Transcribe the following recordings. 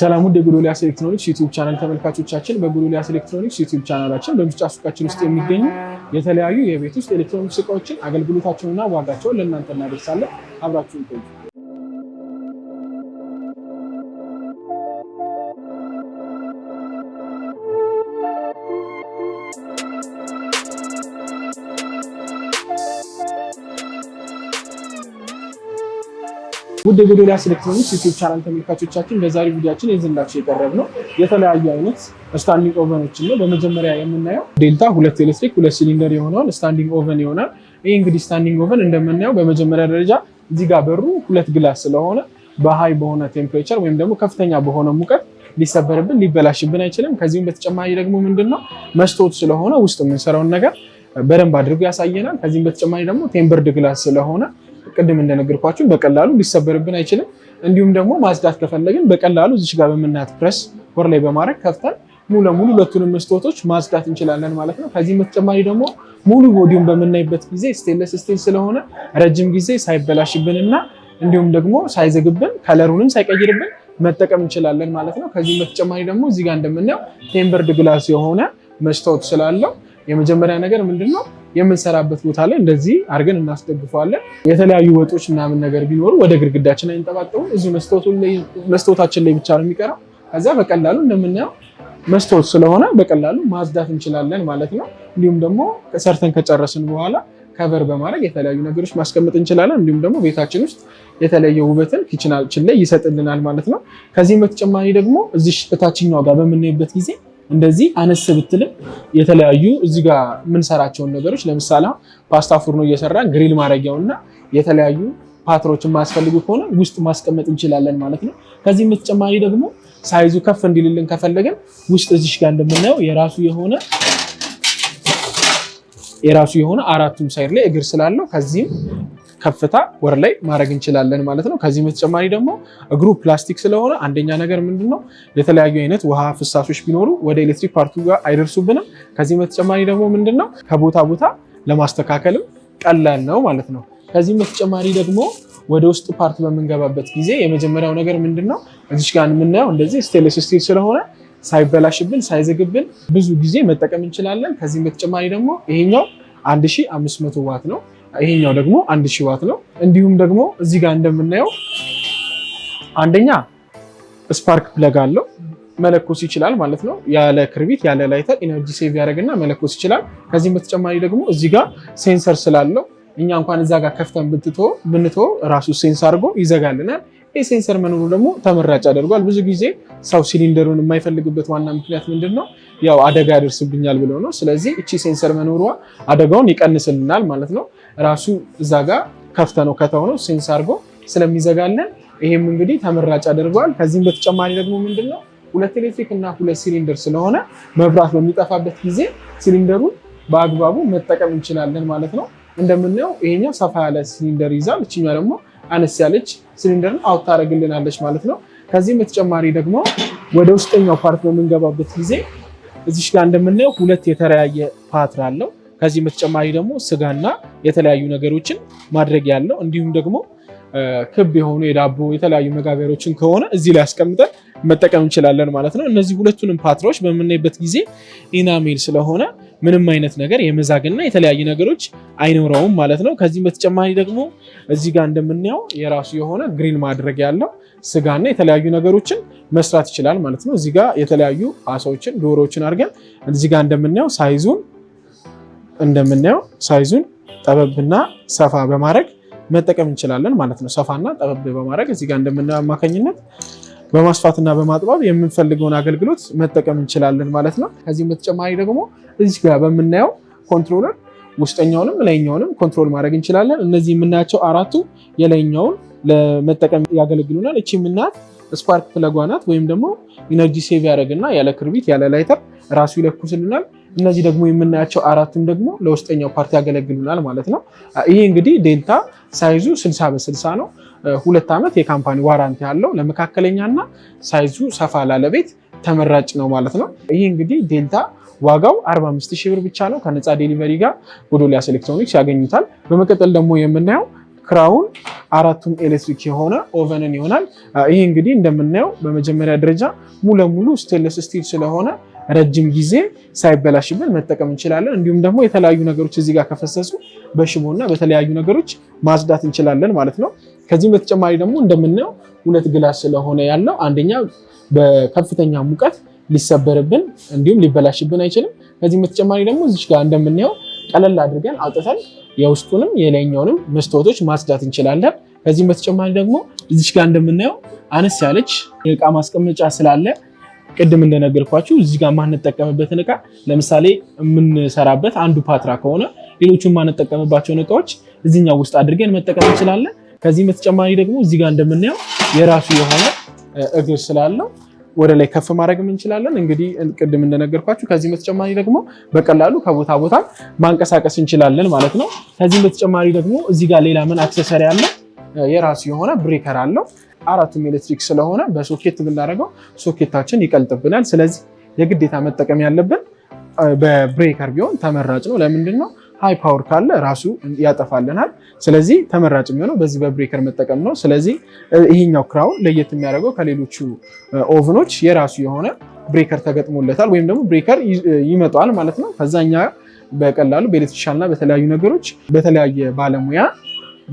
ሰላም ውድ የጎዶልያስ ኤሌክትሮኒክስ ዩቲዩብ ቻናል ተመልካቾቻችን፣ በጎዶልያስ ኤሌክትሮኒክስ ዩቲዩብ ቻናላችን በምርጫ ሱቃችን ውስጥ የሚገኙ የተለያዩ የቤት ውስጥ ኤሌክትሮኒክስ እቃዎችን አገልግሎታቸውንና ዋጋቸውን ለእናንተ እናደርሳለን። አብራችሁን ቆዩ። ውድ የጎዶልያስ ኤሌክትሮኒክስ ዩቲዩብ ቻናል ተመልካቾቻችን በዛሬ ቪዲዮችን የዘንዳቸው የቀረብ ነው የተለያዩ አይነት ስታንዲንግ ኦቨኖችን ነው። በመጀመሪያ የምናየው ዴልታ ሁለት ኤሌክትሪክ ሁለት ሲሊንደር የሆነውን ስታንዲንግ ኦቨን ይሆናል። ይህ እንግዲህ ስታንዲንግ ኦቨን እንደምናየው በመጀመሪያ ደረጃ እዚህ ጋር በሩ ሁለት ግላስ ስለሆነ በሀይ በሆነ ቴምፕሬቸር ወይም ደግሞ ከፍተኛ በሆነ ሙቀት ሊሰበርብን ሊበላሽብን አይችልም። ከዚህም በተጨማሪ ደግሞ ምንድን ነው መስታወት ስለሆነ ውስጥ የምንሰራውን ነገር በደንብ አድርጎ ያሳየናል። ከዚህም በተጨማሪ ደግሞ ቴምበርድ ግላስ ስለሆነ ቅድም እንደነገርኳችሁ በቀላሉ ሊሰበርብን አይችልም። እንዲሁም ደግሞ ማጽዳት ከፈለግን በቀላሉ እዚች ጋር በምናያት ፕረስ ወር ላይ በማድረግ ከፍተን ሙሉ ለሙሉ ሁለቱንም መስታወቶች ማጽዳት እንችላለን ማለት ነው። ከዚህም በተጨማሪ ደግሞ ሙሉ ቦዲውን በምናይበት ጊዜ ስቴንለስ ስቲል ስለሆነ ረጅም ጊዜ ሳይበላሽብንና እንዲሁም ደግሞ ሳይዘግብን ከለሩንም ሳይቀይርብን መጠቀም እንችላለን ማለት ነው። ከዚህም በተጨማሪ ደግሞ እዚህ ጋር እንደምናየው ቴምበርድ ግላስ የሆነ መስታወት ስላለው የመጀመሪያ ነገር ምንድን ነው የምንሰራበት ቦታ ላይ እንደዚህ አድርገን እናስደግፈዋለን። የተለያዩ ወጦች ምናምን ነገር ቢኖሩ ወደ ግድግዳችን አይንጠባጠቡም። እዚሁ መስታወታችን ላይ ብቻ ነው የሚቀረው። ከዛ በቀላሉ እንደምናየው መስታወት ስለሆነ በቀላሉ ማጽዳት እንችላለን ማለት ነው። እንዲሁም ደግሞ ሰርተን ከጨረስን በኋላ ከቨር በማድረግ የተለያዩ ነገሮች ማስቀመጥ እንችላለን። እንዲሁም ደግሞ ቤታችን ውስጥ የተለየ ውበትን ኪችናችን ላይ ይሰጥልናል ማለት ነው። ከዚህም በተጨማሪ ደግሞ እዚህ እታችኛው ጋር በምናይበት ጊዜ እንደዚህ አነስ ብትልም የተለያዩ እዚህ ጋር የምንሰራቸውን ነገሮች ለምሳሌ ፓስታ ፉርኖ እየሰራን ግሪል እና የተለያዩ ፓትሮችን ማስፈልጉ ከሆነ ውስጥ ማስቀመጥ እንችላለን ማለት ነው። ከዚህም በተጨማሪ ደግሞ ሳይዙ ከፍ እንዲልልን ከፈለገን ውስጥ እዚሽ ጋር እንደምናየው የራሱ የሆነ የራሱ የሆነ አራቱም ሳይድ ላይ እግር ስላለው ከዚህም ከፍታ ወር ላይ ማድረግ እንችላለን ማለት ነው። ከዚህም በተጨማሪ ደግሞ እግሩ ፕላስቲክ ስለሆነ አንደኛ ነገር ምንድን ነው የተለያዩ አይነት ውሃ ፍሳሾች ቢኖሩ ወደ ኤሌክትሪክ ፓርቱ ጋር አይደርሱብንም። ከዚህም በተጨማሪ ደግሞ ምንድን ነው ከቦታ ቦታ ለማስተካከልም ቀላል ነው ማለት ነው። ከዚህም በተጨማሪ ደግሞ ወደ ውስጥ ፓርት በምንገባበት ጊዜ የመጀመሪያው ነገር ምንድን ነው እዚች ጋር የምናየው እንደዚህ ስቴንለስ ስቲል ስለሆነ ሳይበላሽብን ሳይዘግብን ብዙ ጊዜ መጠቀም እንችላለን። ከዚህም በተጨማሪ ደግሞ ይሄኛው 1500 ዋት ነው። ይሄኛው ደግሞ አንድ ሺህ ዋት ነው። እንዲሁም ደግሞ እዚህ ጋር እንደምናየው አንደኛ ስፓርክ ፕለግ አለው መለኮስ ይችላል ማለት ነው። ያለ ክርቢት ያለ ላይተር ኢነርጂ ሴቭ ያደረግና መለኮስ ይችላል። ከዚህም በተጨማሪ ደግሞ እዚህ ጋር ሴንሰር ስላለው እኛ እንኳን እዛ ጋር ከፍተን ብንትቶ ራሱ ሴንስ አድርጎ ይዘጋልናል። ይህ ሴንሰር መኖሩ ደግሞ ተመራጭ አደርጓል። ብዙ ጊዜ ሰው ሲሊንደሩን የማይፈልግበት ዋና ምክንያት ምንድን ነው? ያው አደጋ ያደርስብኛል ብለው ነው። ስለዚህ እቺ ሴንሰር መኖሯ አደጋውን ይቀንስልናል ማለት ነው። ራሱ እዛ ጋር ከፍተ ነው ነው ሴንስ አድርጎ ስለሚዘጋለን ይሄም እንግዲህ ተመራጭ ያደርገዋል። ከዚህም በተጨማሪ ደግሞ ምንድን ነው ሁለት ኤሌክትሪክ እና ሁለት ሲሊንደር ስለሆነ መብራት በሚጠፋበት ጊዜ ሲሊንደሩን በአግባቡ መጠቀም እንችላለን ማለት ነው። እንደምናየው ይሄኛው ሰፋ ያለ ሲሊንደር ይዛል፣ እችኛ ደግሞ አነስ ያለች ሲሊንደርን አውት ታደርግልናለች ማለት ነው። ከዚህም በተጨማሪ ደግሞ ወደ ውስጠኛው ፓርት በምንገባበት ጊዜ እዚሽ ጋር እንደምናየው ሁለት የተለያየ ፓትር አለው። ከዚህም በተጨማሪ ደግሞ ስጋና የተለያዩ ነገሮችን ማድረግ ያለው እንዲሁም ደግሞ ክብ የሆኑ የዳቦ የተለያዩ መጋገሪያዎችን ከሆነ እዚህ ላይ አስቀምጠን መጠቀም እንችላለን ማለት ነው። እነዚህ ሁለቱንም ፓትራዎች በምናይበት ጊዜ ኢናሜል ስለሆነ ምንም አይነት ነገር የመዛግና የተለያዩ ነገሮች አይኖረውም ማለት ነው። ከዚህም በተጨማሪ ደግሞ እዚህ ጋር እንደምናየው የራሱ የሆነ ግሪል ማድረግ ያለው ስጋና የተለያዩ ነገሮችን መስራት ይችላል ማለት ነው። እዚህ ጋር የተለያዩ አሳዎችን፣ ዶሮዎችን አድርገን እዚህ ጋር እንደምናየው ሳይዙን እንደምናየው ሳይዙን ጠበብና ሰፋ በማድረግ መጠቀም እንችላለን ማለት ነው። ሰፋና ጠበብ በማድረግ እዚህ ጋር እንደምናየው አማካኝነት በማስፋትና በማጥባብ የምንፈልገውን አገልግሎት መጠቀም እንችላለን ማለት ነው። ከዚህም በተጨማሪ ደግሞ እዚህ ጋር በምናየው ኮንትሮለር ውስጠኛውንም ላይኛውንም ኮንትሮል ማድረግ እንችላለን። እነዚህ የምናያቸው አራቱ የላይኛውን ለመጠቀም ያገለግሉናል። እቺ የምናያት ስፓርክ ፕለጓናት ወይም ደግሞ ኢነርጂ ሴቭ ያደረግና ያለ ክርቢት ያለ ላይተር ራሱ ይለኩስልናል። እነዚህ ደግሞ የምናያቸው አራቱም ደግሞ ለውስጠኛው ፓርቲ ያገለግሉናል ማለት ነው። ይሄ እንግዲህ ዴልታ ሳይዙ 60 በ60 ነው። ሁለት ዓመት የካምፓኒ ዋራንቲ ያለው ለመካከለኛና ሳይዙ ሰፋ ላለቤት ተመራጭ ነው ማለት ነው። ይሄ እንግዲህ ዴልታ ዋጋው 45 ብር ብቻ ነው ከነፃ ዴሊቨሪ ጋር ጎዶልያስ ኤሌክትሮኒክስ ያገኙታል። በመቀጠል ደግሞ የምናየው ክራውን አራቱም ኤሌክትሪክ የሆነ ኦቨንን ይሆናል። ይህ እንግዲህ እንደምናየው በመጀመሪያ ደረጃ ሙሉ ለሙሉ ስቴንለስ ስቲል ስለሆነ ረጅም ጊዜ ሳይበላሽብን መጠቀም እንችላለን። እንዲሁም ደግሞ የተለያዩ ነገሮች እዚህ ጋር ከፈሰሱ በሽቦ እና በተለያዩ ነገሮች ማጽዳት እንችላለን ማለት ነው። ከዚህም በተጨማሪ ደግሞ እንደምናየው ሁለት ግላስ ስለሆነ ያለው አንደኛ በከፍተኛ ሙቀት ሊሰበርብን እንዲሁም ሊበላሽብን አይችልም። ከዚህም በተጨማሪ ደግሞ እዚች ጋር እንደምናየው ቀለል አድርገን አውጥተን የውስጡንም የላይኛውንም መስታወቶች ማጽዳት እንችላለን። ከዚህም በተጨማሪ ደግሞ እዚች ጋር እንደምናየው አነስ ያለች የእቃ ማስቀመጫ ስላለ ቅድም እንደነገርኳችሁ እዚህ ጋር ማንጠቀምበትን እቃ ለምሳሌ የምንሰራበት አንዱ ፓትራ ከሆነ ሌሎቹን ማንጠቀምባቸውን እቃዎች እዚኛው ውስጥ አድርገን መጠቀም እንችላለን። ከዚህም በተጨማሪ ደግሞ እዚህ ጋር እንደምናየው የራሱ የሆነ እግር ስላለው ወደ ላይ ከፍ ማድረግም እንችላለን። እንግዲህ ቅድም እንደነገርኳችሁ ከዚህም በተጨማሪ ደግሞ በቀላሉ ከቦታ ቦታ ማንቀሳቀስ እንችላለን ማለት ነው። ከዚህም በተጨማሪ ደግሞ እዚህ ጋር ሌላ ምን አክሰሰሪ አለ? የራሱ የሆነ ብሬከር አለው። አራትም ኤሌክትሪክ ስለሆነ በሶኬት ብናደርገው ሶኬታችን ይቀልጥብናል። ስለዚህ የግዴታ መጠቀም ያለብን በብሬከር ቢሆን ተመራጭ ነው። ለምንድን ነው? ሃይ ፓወር ካለ ራሱ ያጠፋልናል። ስለዚህ ተመራጭ የሚሆነው በዚህ በብሬከር መጠቀም ነው። ስለዚህ ይሄኛው ክራውን ለየት የሚያደርገው ከሌሎቹ ኦቭኖች የራሱ የሆነ ብሬከር ተገጥሞለታል ወይም ደግሞ ብሬከር ይመጣዋል ማለት ነው። ከዛኛ በቀላሉ በኤሌክትሪሻንና በተለያዩ ነገሮች በተለያየ ባለሙያ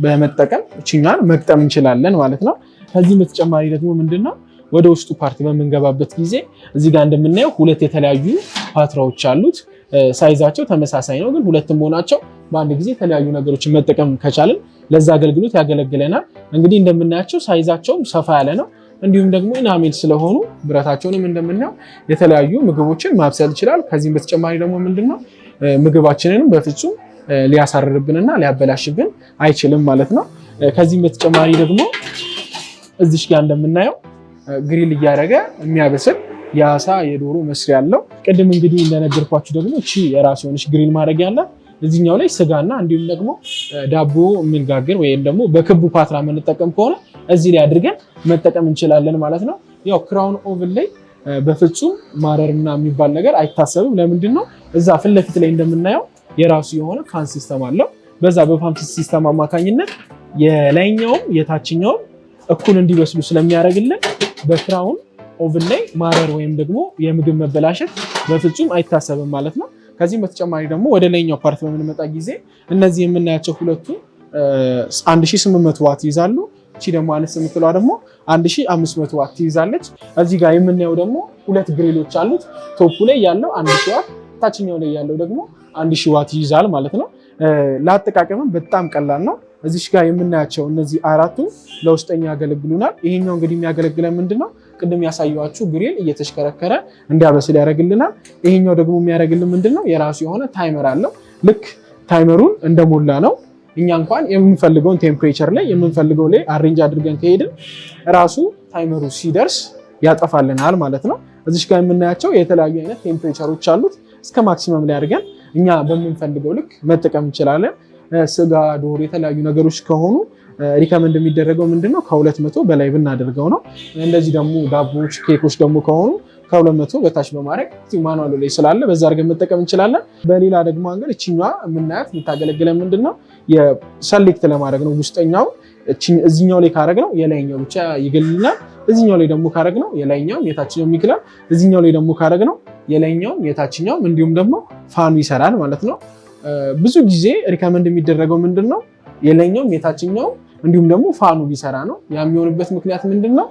በመጠቀም እችኛን መግጠም እንችላለን ማለት ነው። ከዚህ በተጨማሪ ደግሞ ምንድነው ወደ ውስጡ ፓርት በምንገባበት ጊዜ እዚህ ጋር እንደምናየው ሁለት የተለያዩ ፓትራዎች አሉት። ሳይዛቸው ተመሳሳይ ነው፣ ግን ሁለትም መሆናቸው በአንድ ጊዜ የተለያዩ ነገሮችን መጠቀም ከቻልን ለዛ አገልግሎት ያገለግለናል። እንግዲህ እንደምናያቸው ሳይዛቸውም ሰፋ ያለ ነው። እንዲሁም ደግሞ ኢናሜል ስለሆኑ ብረታቸውንም እንደምናየው የተለያዩ ምግቦችን ማብሰል ይችላል። ከዚህም በተጨማሪ ደግሞ ምንድነው ምግባችንንም በፍጹም ሊያሳርርብንና ሊያበላሽብን አይችልም ማለት ነው። ከዚህም በተጨማሪ ደግሞ እዚሽ ጋር እንደምናየው ግሪል እያደረገ የሚያበስል የአሳ የዶሮ መስሪያ ያለው። ቅድም እንግዲህ እንደነገርኳችሁ ደግሞ እቺ የራሱ የሆነች ግሪል ማድረግ ያለ እዚህኛው ላይ ስጋና እንዲሁም ደግሞ ዳቦ የምንጋግር ወይም ደግሞ በክቡ ፓትራ የምንጠቀም ከሆነ እዚህ ላይ አድርገን መጠቀም እንችላለን ማለት ነው። ያው ክራውን ኦቭን ላይ በፍጹም ማረርና የሚባል ነገር አይታሰብም። ለምንድን ነው እዛ ፊት ለፊት ላይ እንደምናየው የራሱ የሆነ ፋን ሲስተም አለው። በዛ በፋን ሲስተም አማካኝነት የላይኛውም የታችኛውም እኩል እንዲበስሉ ስለሚያደርግልን በፍራውን ኦቭን ላይ ማረር ወይም ደግሞ የምግብ መበላሸት በፍጹም አይታሰብም ማለት ነው። ከዚህም በተጨማሪ ደግሞ ወደ ላይኛው ፓርት በምንመጣ ጊዜ እነዚህ የምናያቸው ሁለቱ 1800 ዋት ይይዛሉ። እቺ ደግሞ አነስ የምትለዋ ደግሞ 1500 ዋት ትይዛለች። እዚህ ጋር የምናየው ደግሞ ሁለት ግሪሎች አሉት። ቶፑ ላይ ያለው 1000 ዋት፣ ታችኛው ላይ ያለው ደግሞ 1000 ዋት ይይዛል ማለት ነው። ለአጠቃቀምም በጣም ቀላል ነው። እዚሽ ጋር የምናያቸው እነዚህ አራቱ ለውስጠኛ ያገለግሉናል። ይሄኛው እንግዲህ የሚያገለግለን ምንድን ነው? ቅድም ያሳየኋችሁ ግሪል እየተሽከረከረ እንዲያበስል ያደርግልናል። ይሄኛው ደግሞ የሚያደርግልን ምንድን ነው? የራሱ የሆነ ታይመር አለው። ልክ ታይመሩን እንደሞላ ነው እኛ እንኳን የምንፈልገውን ቴምፕሬቸር ላይ የምንፈልገው ላይ አሬንጅ አድርገን ከሄድን ራሱ ታይመሩ ሲደርስ ያጠፋልናል ማለት ነው። እዚሽ ጋር የምናያቸው የተለያዩ አይነት ቴምፕሬቸሮች አሉት። እስከ ማክሲመም ላይ አድርገን እኛ በምንፈልገው ልክ መጠቀም እንችላለን። ስጋ፣ ዶሮ፣ የተለያዩ ነገሮች ከሆኑ ሪከመንድ የሚደረገው ምንድነው ከሁለት መቶ በላይ ብናደርገው ነው። እንደዚህ ደግሞ ዳቦች፣ ኬኮች ደግሞ ከሆኑ ከሁለት መቶ በታች በማድረግ ማኗሉ ላይ ስላለ በዛ አድርገን መጠቀም እንችላለን። በሌላ ደግሞ አንገድ እችኛ የምናያት የምታገለግለን ምንድነው የሰሌክት ለማድረግ ነው። ውስጠኛው እዚኛው ላይ ካረግ ነው የላይኛው ብቻ ይገልልናል። እዚኛው ላይ ደግሞ ካረግ ነው የላይኛው የታችኛው የሚክላል። እዚኛው ላይ ደግሞ ካረግ ነው የላይኛውም የታችኛውም እንዲሁም ደግሞ ፋኑ ይሰራል ማለት ነው። ብዙ ጊዜ ሪከመንድ የሚደረገው ምንድን ነው የላይኛውም የታችኛውም እንዲሁም ደግሞ ፋኑ ቢሰራ ነው። ያ የሚሆንበት ምክንያት ምንድን ነው?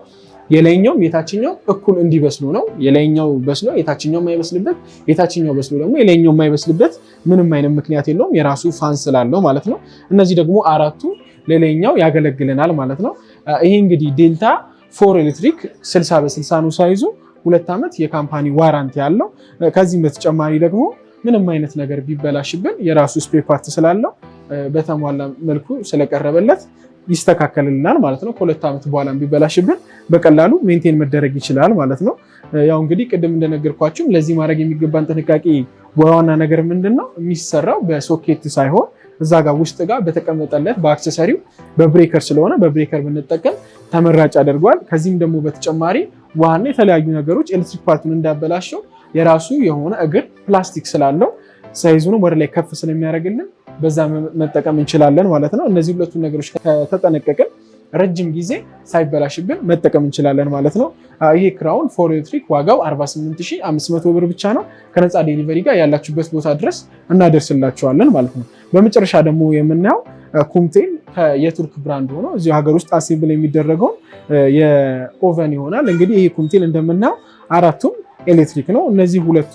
የላይኛውም የታችኛው እኩል እንዲበስሉ ነው። የላይኛው በስሎ የታችኛው የማይበስልበት፣ የታችኛው በስሎ ደግሞ የላይኛው የማይበስልበት ምንም አይነት ምክንያት የለውም፣ የራሱ ፋን ስላለው ማለት ነው። እነዚህ ደግሞ አራቱ ለላይኛው ያገለግለናል ማለት ነው። ይሄ እንግዲህ ዴልታ ፎር ኤሌክትሪክ 60 በ60 ነው ሳይዙ ሁለት ዓመት የካምፓኒ ዋራንቲ ያለው ከዚህም በተጨማሪ ደግሞ ምንም አይነት ነገር ቢበላሽብን የራሱ ስፔር ፓርት ስላለው በተሟላ መልኩ ስለቀረበለት ይስተካከልልናል ማለት ነው። ከሁለት ዓመት በኋላ ቢበላሽብን በቀላሉ ሜንቴን መደረግ ይችላል ማለት ነው። ያው እንግዲህ ቅድም እንደነገርኳችሁም ለዚህ ማድረግ የሚገባን ጥንቃቄ በዋና ነገር ምንድን ነው የሚሰራው በሶኬት ሳይሆን እዛ ጋር ውስጥ ጋር በተቀመጠለት በአክሰሰሪው በብሬከር ስለሆነ በብሬከር ብንጠቀም ተመራጭ ያደርገዋል። ከዚህም ደግሞ በተጨማሪ ውሃና የተለያዩ ነገሮች ኤሌክትሪክ ፓርቱን እንዳበላሸው የራሱ የሆነ እግር ፕላስቲክ ስላለው ሳይዙን ወደ ላይ ከፍ ስለሚያደርግልን በዛ መጠቀም እንችላለን ማለት ነው። እነዚህ ሁለቱ ነገሮች ከተጠነቀቅን ረጅም ጊዜ ሳይበላሽብን መጠቀም እንችላለን ማለት ነው። ይሄ ክራውን ፎር ኤሌክትሪክ ዋጋው 48500 ብር ብቻ ነው። ከነፃ ዴሊቨሪ ጋር ያላችሁበት ቦታ ድረስ እናደርስላችኋለን ማለት ነው። በመጨረሻ ደግሞ የምናየው ኩምቴን የቱርክ ብራንድ ሆኖ እዚሁ ሀገር ውስጥ አሴምብል የሚደረገውን የኦቨን ይሆናል። እንግዲህ ይሄ ኩምቴል እንደምናየው አራቱም ኤሌክትሪክ ነው። እነዚህ ሁለቱ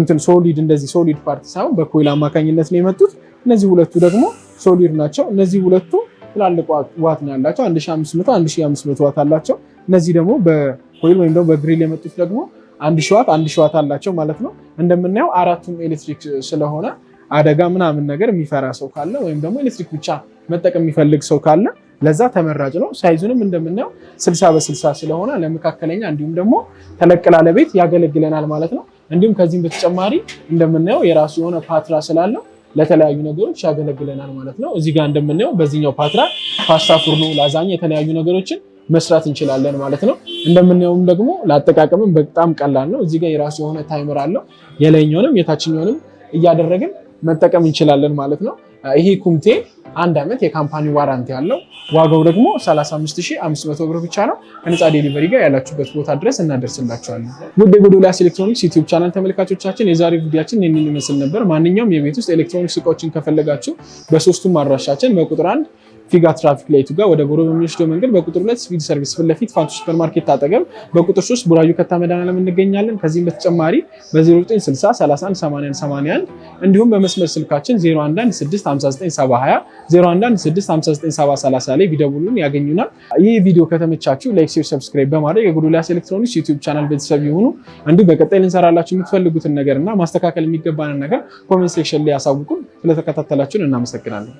እንትን ሶሊድ እንደዚህ ሶሊድ ፓርት ሳይሆን በኮይል አማካኝነት ነው የመጡት። እነዚህ ሁለቱ ደግሞ ሶሊድ ናቸው። እነዚህ ሁለቱ ትላልቅ ዋት ነው ያላቸው 1500 1500 ዋት አላቸው። እነዚህ ደግሞ በኮይል ወይም ደግሞ በግሪል የመጡት ደግሞ አንድ ሺህ ዋት አንድ ሺህ ዋት አላቸው ማለት ነው። እንደምናየው አራቱም ኤሌክትሪክ ስለሆነ አደጋ ምናምን ነገር የሚፈራ ሰው ካለ ወይም ደግሞ ኤሌክትሪክ ብቻ መጠቀም የሚፈልግ ሰው ካለ ለዛ ተመራጭ ነው። ሳይዙንም እንደምናየው ስልሳ በስልሳ ስለሆነ ለመካከለኛ እንዲሁም ደግሞ ተለቅ ላለ ቤት ያገለግለናል ማለት ነው። እንዲሁም ከዚህም በተጨማሪ እንደምናየው የራሱ የሆነ ፓትራ ስላለው ለተለያዩ ነገሮች ያገለግለናል ማለት ነው። እዚህ ጋር እንደምናየው በዚህኛው ፓትራ ፓስታ፣ ፉርኖ፣ ላዛኛ የተለያዩ ነገሮችን መስራት እንችላለን ማለት ነው። እንደምናየውም ደግሞ ለአጠቃቀምም በጣም ቀላል ነው። እዚህ ጋር የራሱ የሆነ ታይመር አለው። የላይኛውንም የታችኛውንም እያደረግን መጠቀም እንችላለን ማለት ነው። ይሄ ኩምቴ አንድ ዓመት የካምፓኒ ዋራንት ያለው ዋጋው ደግሞ 35500 ብር ብቻ ነው። ከነፃ ዴሊቨሪ ጋር ያላችሁበት ቦታ ድረስ እናደርስላችኋለን። ውድ የጎዶልያስ ኤሌክትሮኒክስ ዩቲዩብ ቻናል ተመልካቾቻችን የዛሬ ጉዳያችን ይህንን ይመስል ነበር። ማንኛውም የቤት ውስጥ ኤሌክትሮኒክስ እቃዎችን ከፈለጋችሁ በሶስቱም አድራሻችን በቁጥር አንድ ፊጋ ትራፊክ ላይቱ ጋር ወደ ጎሮ በሚወስደው መንገድ በቁጥር ሁለት ስፒድ ሰርቪስ ፊት ለፊት ፋንቱ ማርኬት አጠገብ፣ በቁጥር ሶስት ቡራዩ ከታ መድኃኒዓለም እንገኛለን። ከዚህም በተጨማሪ በ0960 81 እንዲሁም በመስመር ስልካችን 0116597020 0116597030 ላይ ቢደውሉን ያገኙናል። ይህ ቪዲዮ ከተመቻችሁ ላይክ፣ ሼር፣ ሰብስክራይብ በማድረግ የጎዶልያስ ኤሌክትሮኒክስ ዩቲዩብ ቻናል ቤተሰብ ይሁኑ። እንዲሁም በቀጣይ ልንሰራላችሁ የምትፈልጉትን ነገር እና ማስተካከል የሚገባንን ነገር ኮሜንት ሴክሽን ላይ ያሳውቁን። ስለተከታተላችሁን እናመሰግናለን።